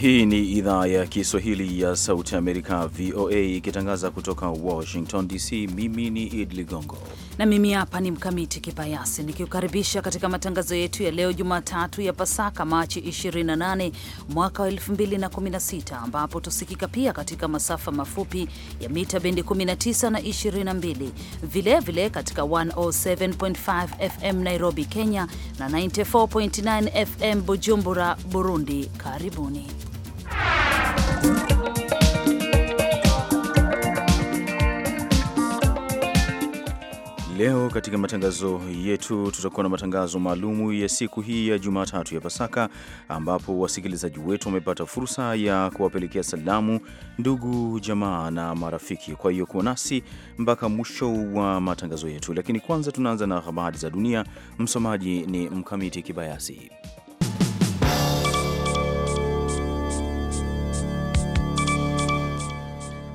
Hii ni idhaa ya Kiswahili ya Sauti Amerika, VOA, ikitangaza kutoka Washington DC. Mimi ni Idi Ligongo na mimi hapa ni Mkamiti Kibayasi nikiukaribisha katika matangazo yetu ya leo Jumatatu ya Pasaka Machi 28 mwaka wa 2016 ambapo tusikika pia katika masafa mafupi ya mita bendi 19 na 22, vilevile vile katika 107.5 FM Nairobi, Kenya na 94.9 FM Bujumbura, Burundi. Karibuni. leo katika matangazo yetu tutakuwa na matangazo maalumu ya siku hii ya Jumatatu ya Pasaka, ambapo wasikilizaji wetu wamepata fursa ya kuwapelekea salamu ndugu, jamaa na marafiki. Kwa hiyo kuwa nasi mpaka mwisho wa matangazo yetu, lakini kwanza tunaanza na habari za dunia. Msomaji ni Mkamiti Kibayasi.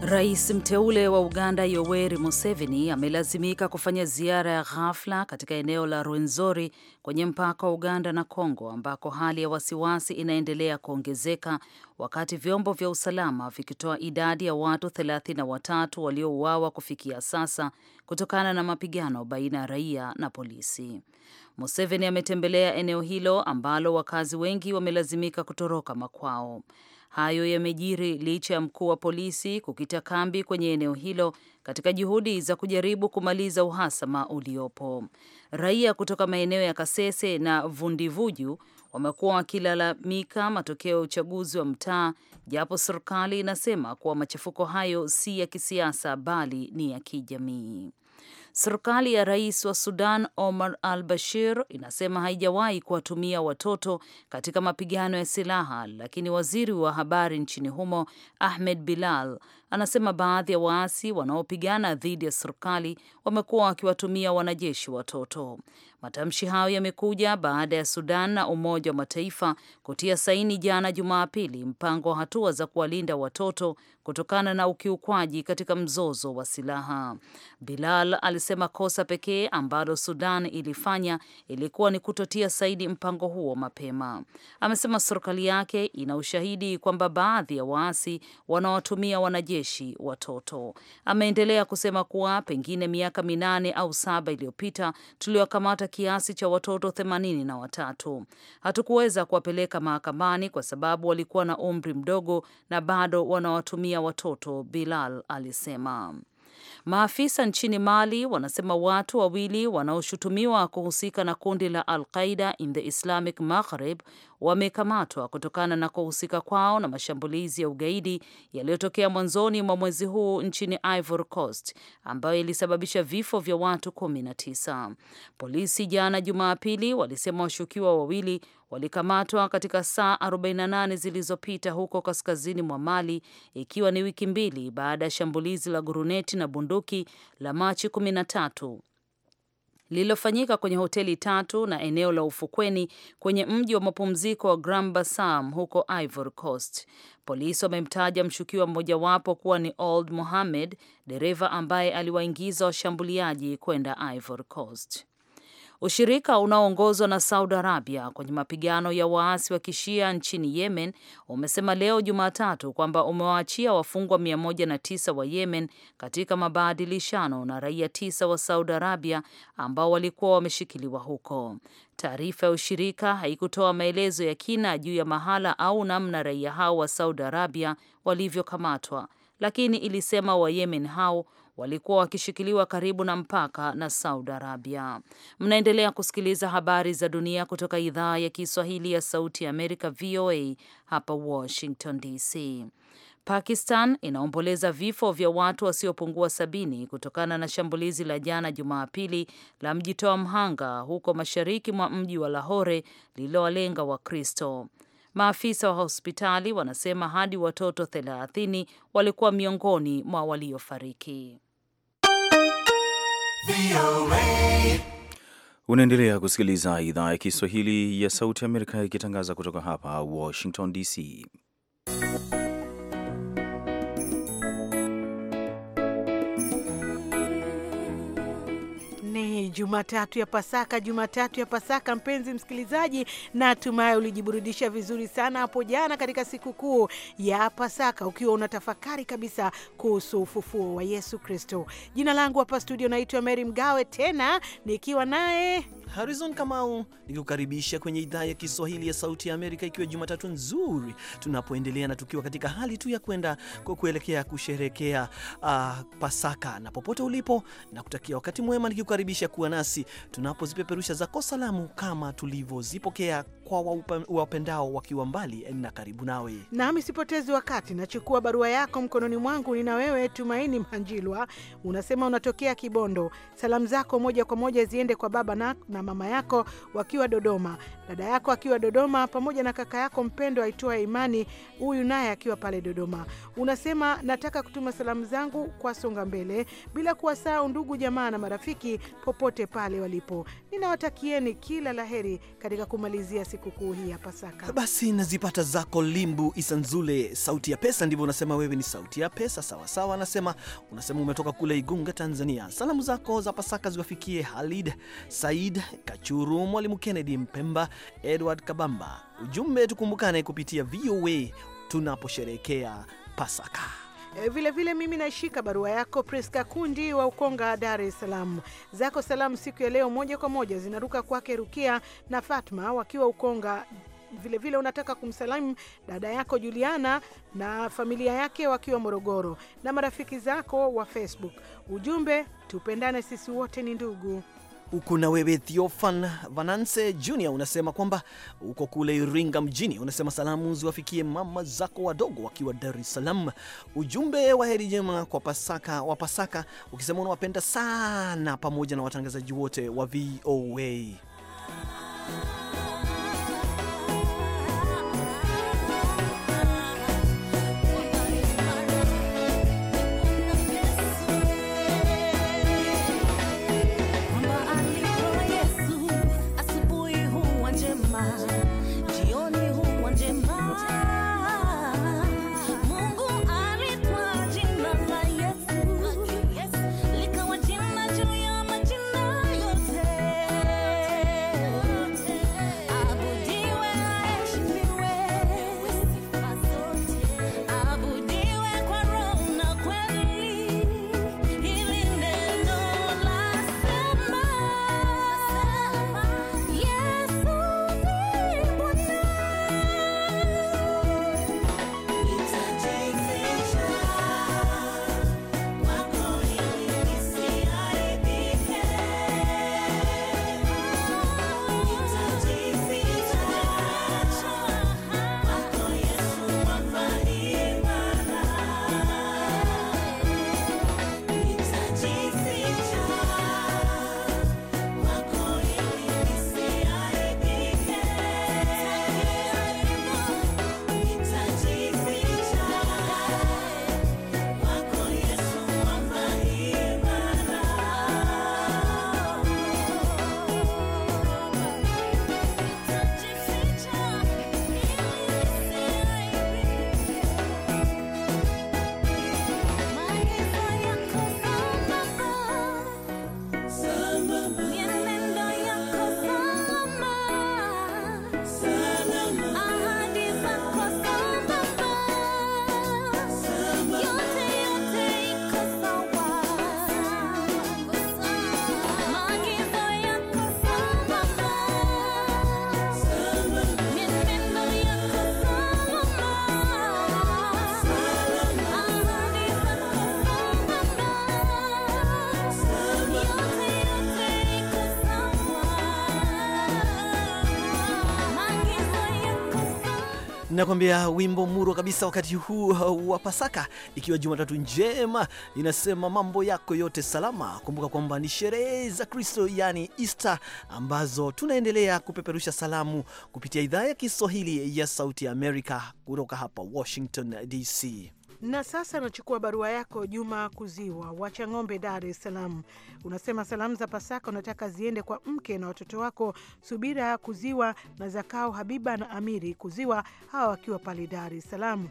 Rais mteule wa Uganda Yoweri Museveni amelazimika kufanya ziara ya ghafla katika eneo la Rwenzori kwenye mpaka wa Uganda na Kongo ambako hali ya wasiwasi inaendelea kuongezeka wakati vyombo vya usalama vikitoa idadi ya watu thelathini na watatu waliouawa kufikia sasa kutokana na mapigano baina ya raia na polisi. Museveni ametembelea eneo hilo ambalo wakazi wengi wamelazimika kutoroka makwao. Hayo yamejiri licha ya mkuu wa polisi kukita kambi kwenye eneo hilo katika juhudi za kujaribu kumaliza uhasama uliopo. Raia kutoka maeneo ya Kasese na Vundivuju wamekuwa wakilalamika matokeo ya uchaguzi wa mtaa, japo serikali inasema kuwa machafuko hayo si ya kisiasa bali ni ya kijamii. Serikali ya rais wa Sudan Omar al Bashir inasema haijawahi kuwatumia watoto katika mapigano ya silaha, lakini waziri wa habari nchini humo Ahmed Bilal anasema baadhi ya waasi wanaopigana dhidi ya serikali wamekuwa wakiwatumia wanajeshi watoto. Matamshi hayo yamekuja baada ya Sudan na Umoja wa Mataifa kutia saini jana Jumapili mpango wa hatua za kuwalinda watoto kutokana na ukiukwaji katika mzozo wa silaha. Bilal alisema kosa pekee ambalo Sudan ilifanya ilikuwa ni kutotia saini mpango huo mapema. Amesema serikali yake ina ushahidi kwamba baadhi ya waasi wanawatumia wanajeshi kuwajeshi watoto. Ameendelea kusema kuwa pengine miaka minane au saba iliyopita tuliwakamata kiasi cha watoto themanini na watatu. Hatukuweza kuwapeleka mahakamani kwa sababu walikuwa na umri mdogo na bado wanawatumia watoto, Bilal alisema. Maafisa nchini Mali wanasema watu wawili wanaoshutumiwa kuhusika na kundi la Al Qaida in the Islamic Maghreb wamekamatwa kutokana na kuhusika kwao na mashambulizi ya ugaidi yaliyotokea mwanzoni mwa mwezi huu nchini Ivory Coast ambayo ilisababisha vifo vya watu kumi tisa. Polisi jana Jumapili walisema washukiwa wawili walikamatwa katika saa 48 zilizopita huko kaskazini mwa Mali, ikiwa ni wiki mbili baada ya shambulizi la guruneti na bunduki la Machi 13 lililofanyika kwenye hoteli tatu na eneo la ufukweni kwenye mji wa mapumziko wa Grand Bassam huko Ivory Coast. Polisi wamemtaja mshukiwa mmojawapo kuwa ni old Mohamed, dereva ambaye aliwaingiza washambuliaji kwenda Ivory Coast. Ushirika unaoongozwa na Saudi Arabia kwenye mapigano ya waasi wa kishia nchini Yemen umesema leo Jumatatu kwamba umewaachia wafungwa 109 wa Yemen katika mabadilishano na raia tisa wa Saudi Arabia ambao walikuwa wameshikiliwa huko. Taarifa ya ushirika haikutoa maelezo ya kina juu ya mahala au namna raia hao wa Saudi Arabia walivyokamatwa, lakini ilisema Wayemen hao walikuwa wakishikiliwa karibu na mpaka na Saudi Arabia. Mnaendelea kusikiliza habari za dunia kutoka idhaa ya Kiswahili ya Sauti ya Amerika, VOA hapa Washington DC. Pakistan inaomboleza vifo vya watu wasiopungua sabini kutokana na shambulizi la jana Jumapili la mjitoa mhanga huko mashariki mwa mji wa Lahore lililowalenga Wakristo. Maafisa wa hospitali wanasema hadi watoto thelathini walikuwa miongoni mwa waliofariki. Unaendelea kusikiliza idhaa ya Kiswahili ya Sauti ya Amerika ikitangaza kutoka hapa Washington DC. Jumatatu ya Pasaka, Jumatatu ya Pasaka, mpenzi msikilizaji, na tumai ulijiburudisha vizuri sana hapo jana katika sikukuu ya Pasaka, ukiwa unatafakari kabisa kuhusu ufufuo wa Yesu Kristo. Jina langu hapa studio naitwa Mary Mgawe, tena nikiwa naye Harrison Kamau nikikukaribisha kwenye idhaa ya Kiswahili ya Sauti ya Amerika, ikiwa Jumatatu nzuri tunapoendelea na tukiwa katika hali tu ya kwenda kwa kuelekea kusherekea uh, Pasaka na popote ulipo, na kutakia wakati mwema nikikukaribisha kuwa nasi tunapozipeperusha zako salamu kama tulivyozipokea kwa wapendao wakiwa mbali na karibu nawe. Nami sipotezi wakati, nachukua barua yako mkononi mwangu. na wewe Tumaini Mhanjilwa, unasema unatokea Kibondo. Salamu zako moja kwa moja ziende kwa baba na, na mama yako wakiwa Dodoma, dada yako akiwa Dodoma, pamoja na kaka yako mpendo aitwaye Imani, huyu naye akiwa pale Dodoma. Unasema nataka kutuma salamu zangu kwa Songa Mbele, bila kuwasahau ndugu jamaa na marafiki popote pale walipo ninawatakieni kila laheri katika kumalizia sikukuu hii ya Pasaka. Basi nazipata zako Limbu Isanzule, sauti ya pesa. Ndivyo unasema wewe, ni sauti ya pesa. Sawasawa sawa, anasema unasema umetoka kule Igunga, Tanzania. Salamu zako za Pasaka ziwafikie Halid Said Kachuru, Mwalimu Kennedy Mpemba, Edward Kabamba. Ujumbe tukumbukane kupitia VOA tunaposherekea Pasaka. Vilevile eh, vile mimi naishika barua yako Priska Kundi wa Ukonga, Dar es Salaam. Zako salamu siku ya leo moja kwa moja zinaruka kwake Rukia na Fatma wakiwa Ukonga vilevile vile unataka kumsalimu dada yako Juliana na familia yake wakiwa Morogoro na marafiki zako wa Facebook. Ujumbe, tupendane sisi wote ni ndugu uko na wewe Theophan Vanance Jr unasema kwamba uko kule Iringa mjini, unasema salamu ziwafikie mama zako wadogo wakiwa Dar es Salaam. Ujumbe wa heri njema kwa Pasaka wa Pasaka, ukisema unawapenda sana pamoja na watangazaji wote wa VOA. Nakwambia wimbo murwa kabisa wakati huu uh, wa Pasaka, ikiwa Jumatatu njema inasema mambo yako yote salama. Kumbuka kwamba ni sherehe za Kristo, yani Easter, ambazo tunaendelea kupeperusha salamu kupitia idhaa ya Kiswahili ya Sauti ya Amerika kutoka hapa Washington DC. Na sasa anachukua barua yako Juma Kuziwa ng'ombe, Dar es Salaam. Unasema salamu za Pasaka unataka ziende kwa mke na watoto wako Subira Kuziwa na Zakao Habiba na Amiri Kuziwa, hawa wakiwa pale Dar es Salaam.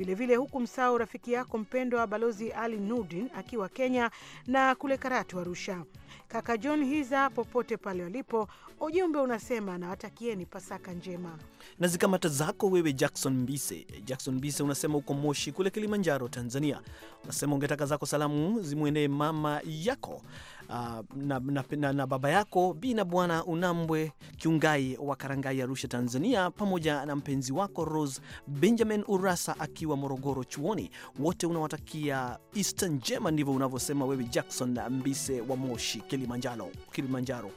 Vilevile msao rafiki yako mpendwa Balozi Ali Nudin akiwa Kenya na kule Karatu, Arusha, kaka John Hiza popote pale walipo. Ujumbe unasema nawatakieni Pasaka njema. Na zikamata zako wewe Jackson Mbise. Jackson Mbise unasema uko Moshi kule Kilimanjaro, Tanzania. Unasema ungetaka zako salamu zimwendee mama yako uh, na, na, na, na baba yako Bi na Bwana Unambwe Kiungai wa Karangai, Arusha, Tanzania, pamoja na mpenzi wako Rose Benjamin Urasa akiwa Morogoro chuoni. Wote unawatakia Easter njema, ndivyo unavyosema wewe Jackson Mbise wa Moshi, Kilimanjaro, Kilimanjaro.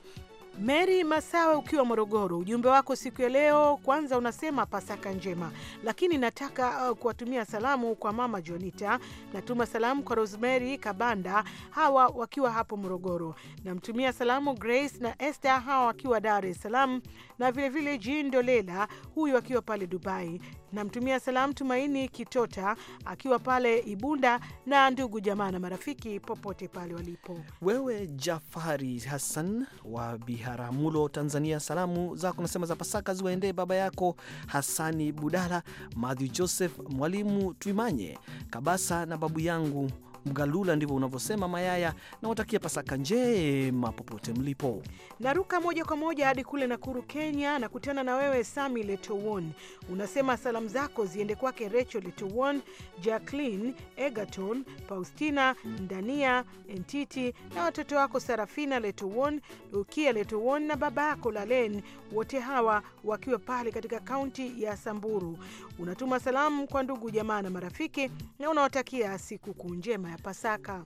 Mary Masawe ukiwa Morogoro, ujumbe wako siku ya leo kwanza unasema Pasaka njema, lakini nataka uh, kuwatumia salamu kwa mama Jonita, natuma salamu kwa Rosemary Kabanda, hawa wakiwa hapo Morogoro, namtumia salamu Grace na Esther, hawa wakiwa Dar es Salaam, na vilevile Jean Dolela, huyu akiwa pale Dubai, Namtumia salamu Tumaini Kitota akiwa pale Ibunda na ndugu jamaa na marafiki popote pale walipo. Wewe Jafari Hassan wa Biharamulo, Tanzania, salamu zako nasema za Pasaka ziwaendee baba yako hasani Budala, Mathew Joseph, Mwalimu Twimanye Kabasa na babu yangu Mgalula, ndivyo unavyosema Mayaya, na watakia Pasaka njema popote mlipo. Naruka moja kwa moja hadi kule Nakuru, Kenya, nakutana na wewe Sami Letowon. Unasema salamu zako ziende kwake Rachel Letowon, Jacqueline Egerton, Faustina Ndania Entiti na watoto wako Sarafina Letowon, Ukia Letowon na baba yako Lalen, wote hawa wakiwa pale katika kaunti ya Samburu. Unatuma salamu kwa ndugu jamaa na marafiki na unawatakia sikukuu njema ya Pasaka.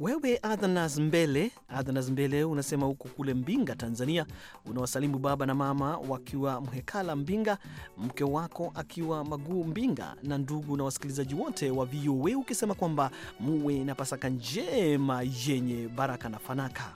Wewe Adhanas Mbele, Adhanas Mbele unasema huko kule Mbinga, Tanzania, unawasalimu baba na mama wakiwa Mhekala Mbinga, mke wako akiwa Maguu Mbinga na ndugu na wasikilizaji wote wa VOA, ukisema kwamba muwe na Pasaka njema yenye baraka na fanaka.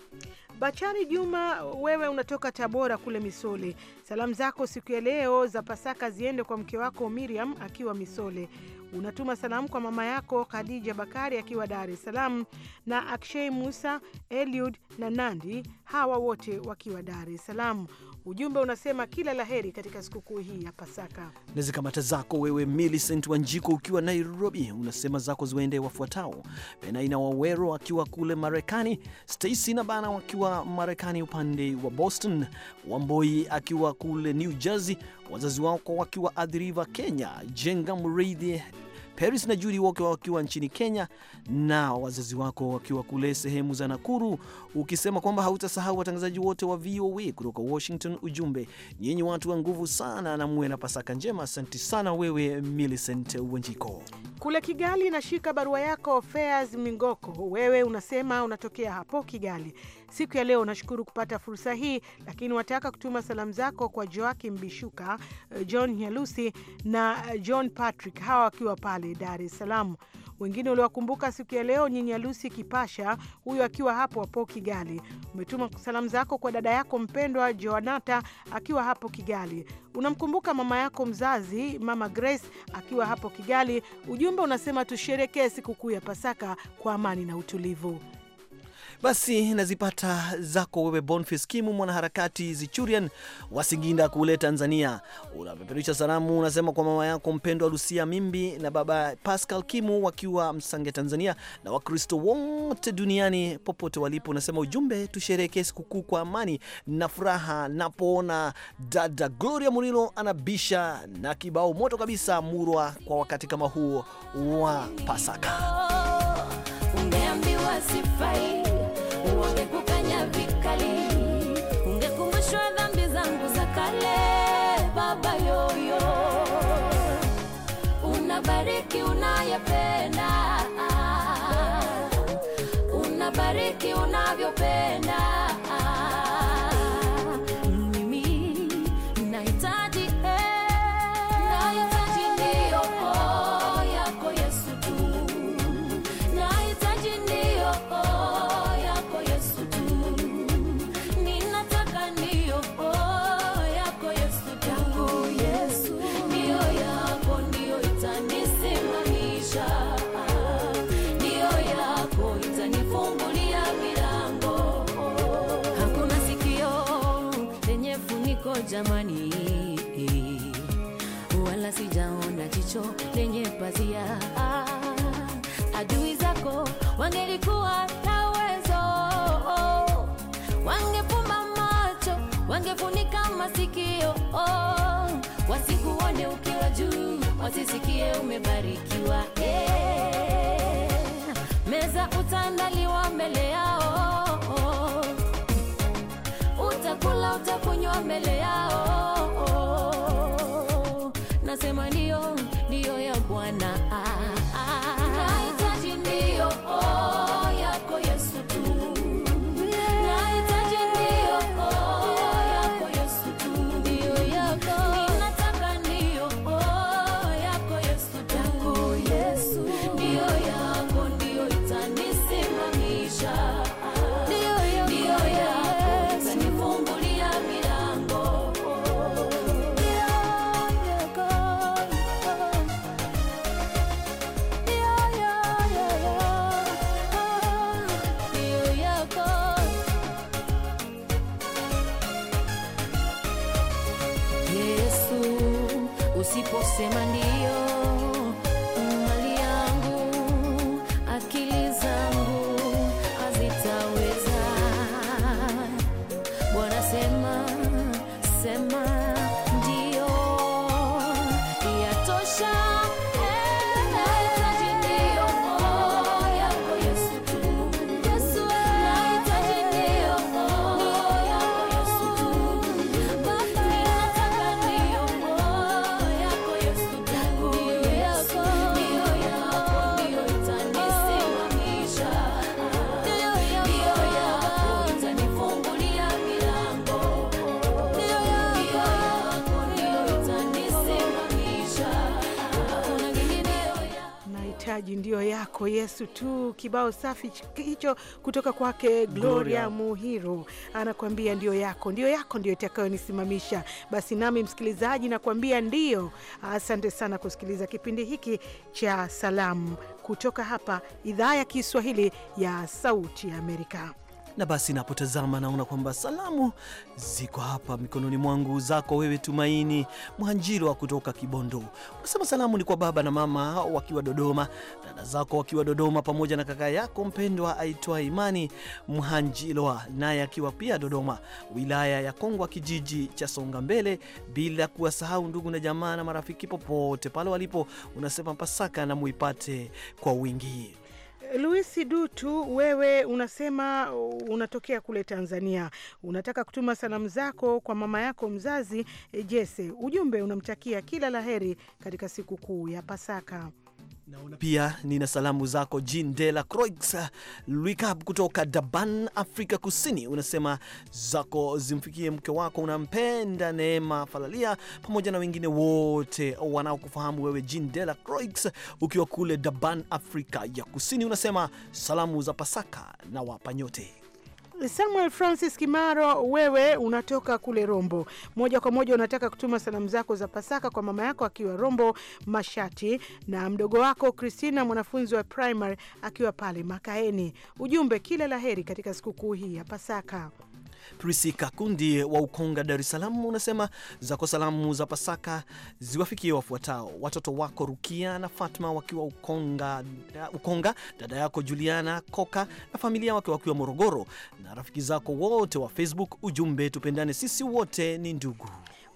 Bachari Juma, wewe unatoka Tabora kule Misole. Salamu zako siku ya leo za Pasaka ziende kwa mke wako Miriam akiwa Misole. Unatuma salamu kwa mama yako Khadija Bakari akiwa Dar es Salaam na Akshay Musa, Eliud na Nandi, hawa wote wakiwa Dar es Salaam. Ujumbe unasema kila laheri katika sikukuu hii ya Pasaka. Na zikamata zako wewe Millicent Wanjiko ukiwa Nairobi, unasema zako ziwaende wafuatao: penaina Wawero akiwa kule Marekani, Stacy na Bana wakiwa Marekani upande wa Boston, Wamboi akiwa kule New Jersey, wazazi wako wakiwa Adhiriva, Kenya, Jenga mreidhi Paris na Judy woke wakiwa nchini Kenya, na wazazi wako wakiwa kule sehemu za Nakuru, ukisema kwamba hautasahau watangazaji wote wa VOA kutoka Washington. Ujumbe, nyinyi watu wa nguvu sana, na muwe na Pasaka njema. Asante sana wewe Millicent Wenjiko kule Kigali. Nashika barua yako Feas Mingoko, wewe unasema unatokea hapo Kigali. Siku ya leo unashukuru kupata fursa hii, lakini wataka kutuma salamu zako kwa Joakim Bishuka, eh, John Nyalusi na eh, John Patrick, hawa wakiwa pale Dar es Salaam. Wengine uliwakumbuka siku ya leo ni Nyalusi Kipasha, huyo akiwa hapo hapo Kigali. Umetuma salamu zako kwa dada yako mpendwa Joanata akiwa hapo Kigali. Unamkumbuka mama yako mzazi mama Grace akiwa hapo Kigali. Ujumbe unasema tusherekee sikukuu ya Pasaka kwa amani na utulivu. Basi nazipata zako wewe, Bonfis Kimu, mwanaharakati Zichurian wa Singinda kule Tanzania. Unapeperusha salamu, unasema kwa mama yako mpendwa Lucia Mimbi na baba Pascal Kimu wakiwa Msange, Tanzania, na Wakristo wote duniani popote walipo. Unasema ujumbe, tusherekee sikukuu kwa amani na furaha. Napoona dada Gloria Murilo anabisha na kibao moto kabisa murwa kwa wakati kama huo wa Pasaka, oh, umeambiwa sifai unavyopenda, unabariki unavyopenda sijaona jicho lenye pazia. Ah, adui zako wangelikuwa na uwezo, wangefumba macho, wangefunika masikio, oh, wasikuone ukiwa juu, wasisikie umebarikiwa, yeah. Meza utandaliwa mbele yao, utakula utakunywa mbele yao nasema ndio, ndio ya Bwana. ah. mwokoaji ndio yako Yesu tu. Kibao safi hicho kutoka kwake Gloria Muhiro anakuambia ndio yako, ndio yako ndio itakayonisimamisha. Basi nami msikilizaji nakuambia ndiyo. Asante sana kusikiliza kipindi hiki cha salamu kutoka hapa idhaa ya Kiswahili ya Sauti ya Amerika na basi napotazama naona kwamba salamu ziko hapa mikononi mwangu, zako wewe Tumaini wa kutoka Kibondo. Unasema salamu ni kwa baba na mama wakiwa Dodoma, dada zako wakiwa Dodoma, pamoja na kaka yako mpendwa aitwa Imani mhanjilwa naye akiwa pia Dodoma, wilaya ya Kongwa, kijiji cha Songa Mbele, bila kuwasahau ndugu na jamaa na marafiki popote pale walipo. Unasema Pasaka na muipate kwa wingi. Luisi Dutu, wewe unasema unatokea kule Tanzania, unataka kutuma salamu zako kwa mama yako mzazi eh, Jese. Ujumbe unamtakia kila laheri katika sikukuu ya Pasaka. Naona pia nina salamu zako Jean de la Croix Luikab kutoka Daban, Afrika Kusini. Unasema zako zimfikie mke wako unampenda Neema Falalia pamoja na wengine wote wanaokufahamu wewe, Jean de la Croix, ukiwa kule Daban, Afrika ya Kusini. Unasema salamu za Pasaka na wapa nyote Samuel Francis Kimaro, wewe unatoka kule Rombo, moja kwa moja unataka kutuma salamu zako za Pasaka kwa mama yako akiwa Rombo Mashati na mdogo wako Christina, mwanafunzi wa primary akiwa pale Makaeni. Ujumbe, kila la heri katika sikukuu hii ya Pasaka. Prisika Kundi wa Ukonga, Dar es Salaam, unasema zako salamu za Pasaka ziwafikie wafuatao: watoto wako Rukia na Fatma wakiwa Ukonga, Ukonga, dada yako Juliana Koka na familia wake wakiwa Morogoro, na rafiki zako wote wa Facebook. Ujumbe, tupendane sisi wote ni ndugu.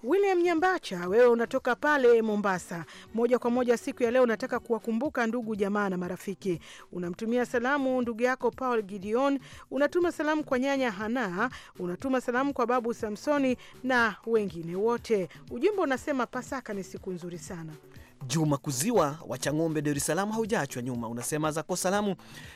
William Nyambacha, wewe unatoka pale Mombasa moja kwa moja. Siku ya leo unataka kuwakumbuka ndugu jamaa na marafiki. Unamtumia salamu ndugu yako Paul Gideon, unatuma salamu kwa nyanya Hana, unatuma salamu kwa babu Samsoni na wengine wote. Ujumbe unasema Pasaka ni siku nzuri sana. Juma Kuziwa wa Chang'ombe, Dar es Salaam, haujaachwa nyuma. Unasema zako salamu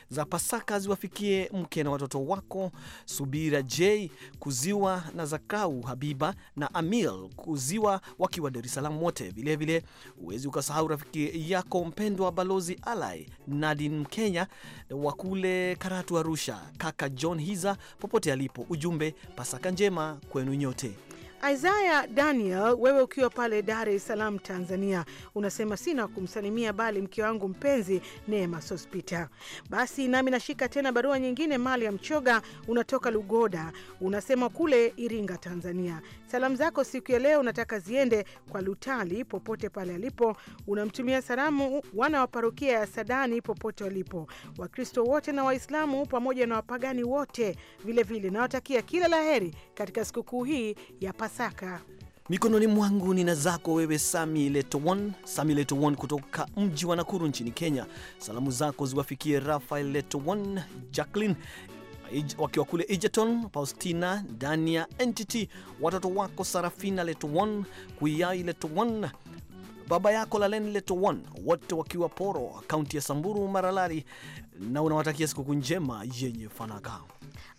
za Pasaka ziwafikie mke na watoto wako Subira J Kuziwa na Zakau Habiba na Amil Kuziwa wakiwa Dar es Salaam wote. Vilevile huwezi ukasahau rafiki yako mpendwa Balozi Alai Nadin Mkenya wa kule Karatu, Arusha, kaka John Hiza popote alipo. Ujumbe, Pasaka njema kwenu nyote. Isaya Daniel, wewe ukiwa pale Dar es Salaam, Tanzania, unasema sina kumsalimia bali mke wangu mpenzi Neema Sospita. Basi nami nashika tena barua nyingine. Mali ya Mchoga, unatoka Lugoda, unasema kule Iringa, Tanzania, salamu zako siku ya leo unataka ziende kwa Lutali popote pale alipo. Unamtumia salamu wana wa parokia ya Sadani popote walipo, Wakristo wote na Waislamu pamoja na wapagani wote vilevile. Nawatakia kila heri katika sikukuu hii ya Pasaka. Mikononi mwangu nina zako wewe, Sami Letowon. Sami Letowon kutoka mji wa Nakuru nchini Kenya. Salamu zako ziwafikie Rafael Letowon, Jacqueline wakiwa kule Egerton, Faustina, Dania, Entity, watoto wako Sarafina Letowon, leto Letowon, baba yako Lalen Letowon, wote wakiwa Poro, kaunti ya Samburu, Maralari, na unawatakia sikukuu njema yenye fanaka.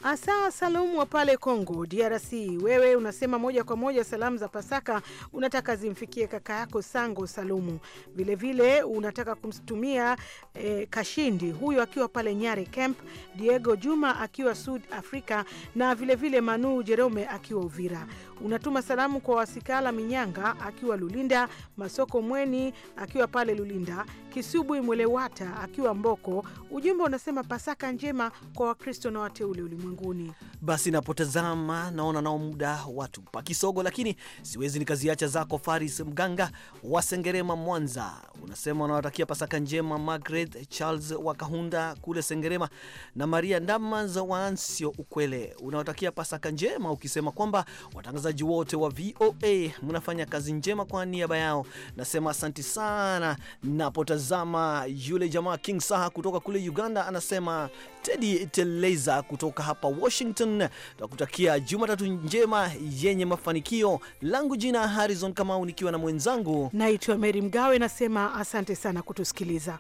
Asa Salumu wa pale Congo DRC, wewe unasema moja kwa moja salamu za Pasaka unataka zimfikie kaka yako Sango Salumu, vilevile vile unataka kumtumia eh, Kashindi huyo akiwa pale Nyare Camp, Diego Juma akiwa Sud Africa na vilevile vile Manu Jerome akiwa Uvira. Unatuma salamu kwa Wasikala Minyanga akiwa Lulinda, Masoko Mweni akiwa pale Lulinda, Kisubwi Mwelewata akiwa Mboko. Ujumbe unasema Pasaka njema kwa Wakristo na wateule ulimwengu ulimwenguni. Basi napotazama naona nao muda watupa kisogo, lakini siwezi nikaziacha zako. Faris Mganga wa Sengerema, Mwanza, unasema unawatakia Pasaka njema Margaret Charles Wakahunda kule Sengerema na Maria Ndamans Waansio Ukwele, unawatakia Pasaka njema ukisema kwamba watangazaji wote wa VOA mnafanya kazi njema. Kwa niaba yao nasema asanti sana. Napotazama yule jamaa King Saha kutoka kule Uganda anasema Teddy Teleza kutoka hapa hapa Washington. juma Jumatatu njema yenye mafanikio. Langu jina Harrison Kamau, nikiwa na mwenzangu naitwa Mary Mgawe, nasema asante sana kutusikiliza.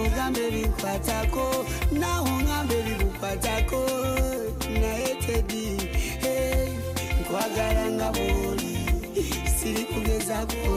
ugambe kwatako, naho ngambe bigukwatako naye tedi hey, nkwagala nga buli siri kugezako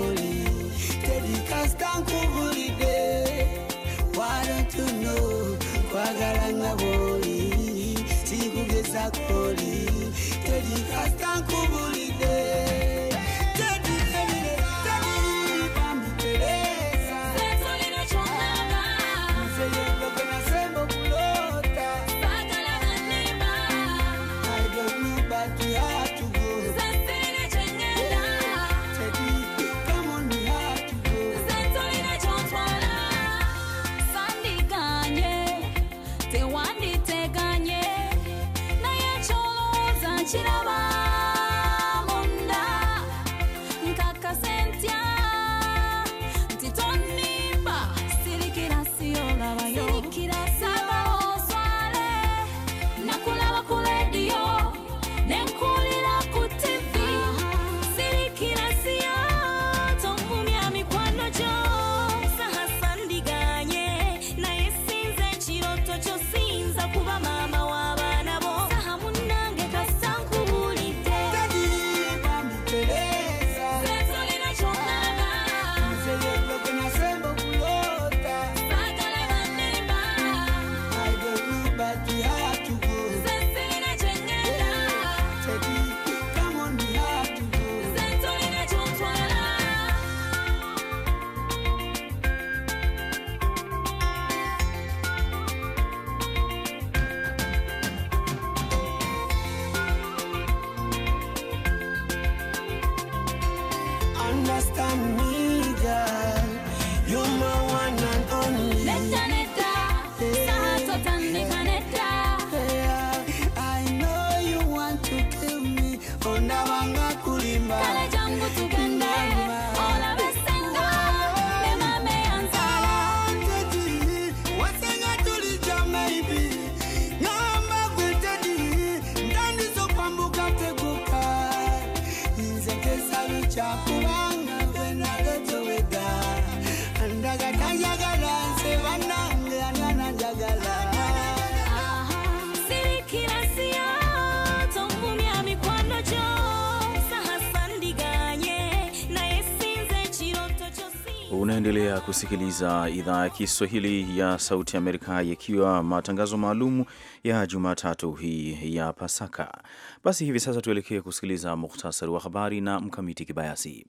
Unaendelea kusikiliza idhaa ya Kiswahili ya Sauti ya Amerika, yakiwa matangazo maalum ya Jumatatu hii ya Pasaka. Basi hivi sasa tuelekee kusikiliza muhtasari wa habari na Mkamiti Kibayasi.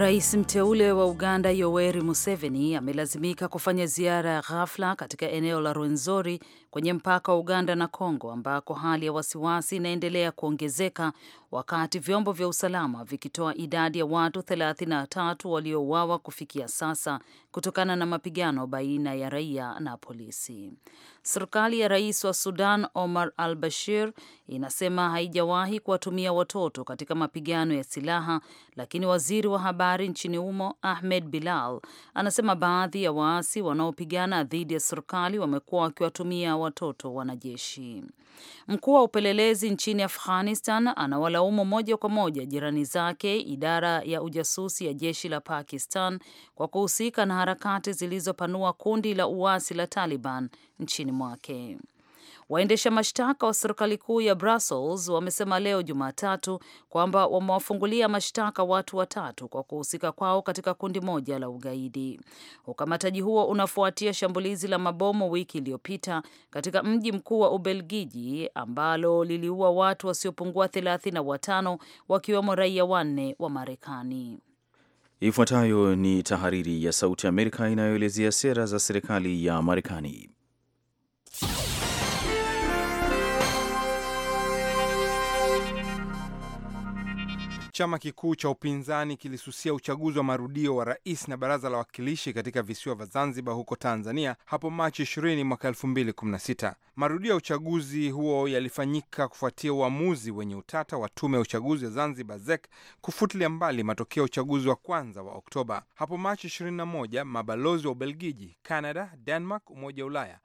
Rais mteule wa Uganda Yoweri Museveni amelazimika kufanya ziara ya ghafla katika eneo la Rwenzori kwenye mpaka wa Uganda na Kongo ambako hali ya wasiwasi inaendelea kuongezeka wakati vyombo vya usalama vikitoa idadi ya watu 33 waliouawa kufikia sasa kutokana na mapigano baina ya raia na polisi. Serikali ya rais wa Sudan Omar al Bashir inasema haijawahi kuwatumia watoto katika mapigano ya silaha, lakini waziri wa habari nchini humo Ahmed Bilal anasema baadhi ya waasi wanaopigana dhidi ya serikali wamekuwa wakiwatumia watoto wanajeshi. Mkuu wa upelelezi nchini Afghanistan anawalaumu moja kwa moja jirani zake, idara ya ujasusi ya jeshi la Pakistan kwa kuhusika na harakati zilizopanua kundi la uasi la Taliban nchini mwake. Waendesha mashtaka wa serikali kuu ya Brussels wamesema leo Jumatatu kwamba wamewafungulia mashtaka watu watatu kwa kuhusika kwao katika kundi moja la ugaidi. Ukamataji huo unafuatia shambulizi la mabomu wiki iliyopita katika mji mkuu wa Ubelgiji ambalo liliua watu wasiopungua thelathini na watano wakiwemo raia wanne wa Marekani. Ifuatayo ni tahariri ya Sauti ya Amerika inayoelezea sera za serikali ya Marekani. chama kikuu cha upinzani kilisusia uchaguzi wa marudio wa rais na baraza la wawakilishi katika visiwa vya Zanzibar huko Tanzania hapo Machi 20 mwaka 2016. Marudio ya uchaguzi huo yalifanyika kufuatia uamuzi wenye utata wa tume ya uchaguzi wa Zanzibar ZEC kufutilia mbali matokeo ya uchaguzi wa kwanza wa Oktoba. Hapo Machi 21, mabalozi wa Ubelgiji, Canada, Denmark, Umoja wa Ulaya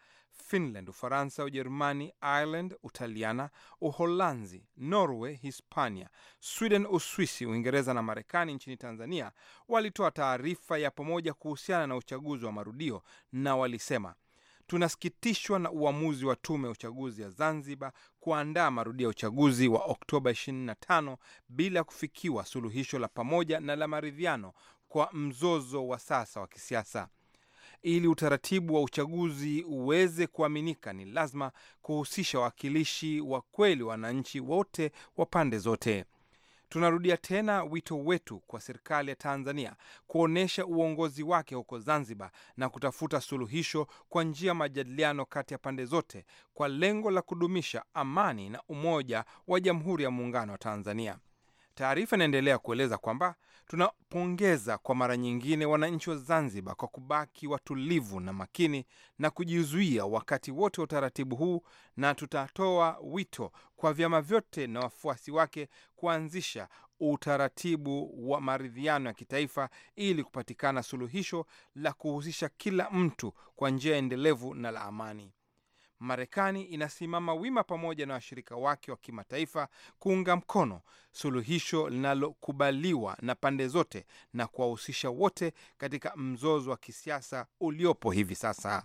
Finland, Ufaransa, Ujerumani, Ireland, Utaliana, Uholanzi, Norway, Hispania, Sweden, Uswisi, Uingereza na Marekani nchini Tanzania walitoa taarifa ya pamoja kuhusiana na uchaguzi wa marudio na walisema Tunasikitishwa na uamuzi wa tume ya uchaguzi ya Zanzibar kuandaa marudio ya uchaguzi wa Oktoba 25 bila kufikiwa suluhisho la pamoja na la maridhiano kwa mzozo wa sasa wa kisiasa. Ili utaratibu wa uchaguzi uweze kuaminika, ni lazima kuhusisha wawakilishi wa kweli wananchi wote wa pande zote. Tunarudia tena wito wetu kwa serikali ya Tanzania kuonyesha uongozi wake huko Zanzibar na kutafuta suluhisho kwa njia ya majadiliano kati ya pande zote kwa lengo la kudumisha amani na umoja wa Jamhuri ya Muungano wa Tanzania. Taarifa inaendelea kueleza kwamba tunapongeza kwa mara nyingine wananchi wa Zanzibar kwa kubaki watulivu na makini na kujizuia wakati wote wa utaratibu huu, na tutatoa wito kwa vyama vyote na wafuasi wake kuanzisha utaratibu wa maridhiano ya kitaifa ili kupatikana suluhisho la kuhusisha kila mtu kwa njia endelevu na la amani. Marekani inasimama wima pamoja na washirika wake wa kimataifa kuunga mkono suluhisho linalokubaliwa na pande zote na kuwahusisha wote katika mzozo wa kisiasa uliopo hivi sasa.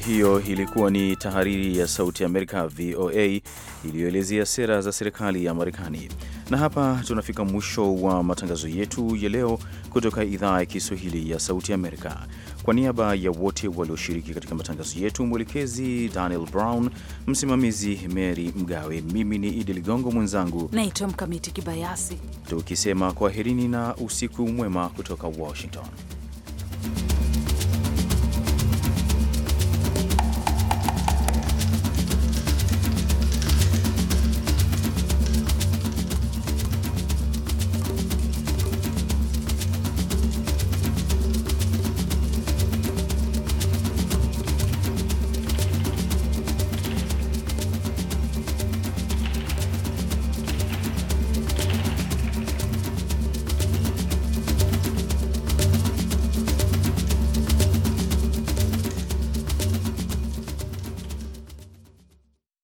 Hiyo ilikuwa ni tahariri ya Sauti ya Amerika, VOA, iliyoelezea sera za serikali ya Marekani. Na hapa tunafika mwisho wa matangazo yetu ya leo kutoka idhaa ya Kiswahili ya Sauti Amerika. Kwa niaba ya wote walioshiriki katika matangazo yetu, mwelekezi Daniel Brown, msimamizi Mary Mgawe, mimi ni Idi Ligongo, mwenzangu naitwa Mkamiti Kibayasi, tukisema kwaherini na usiku mwema kutoka Washington.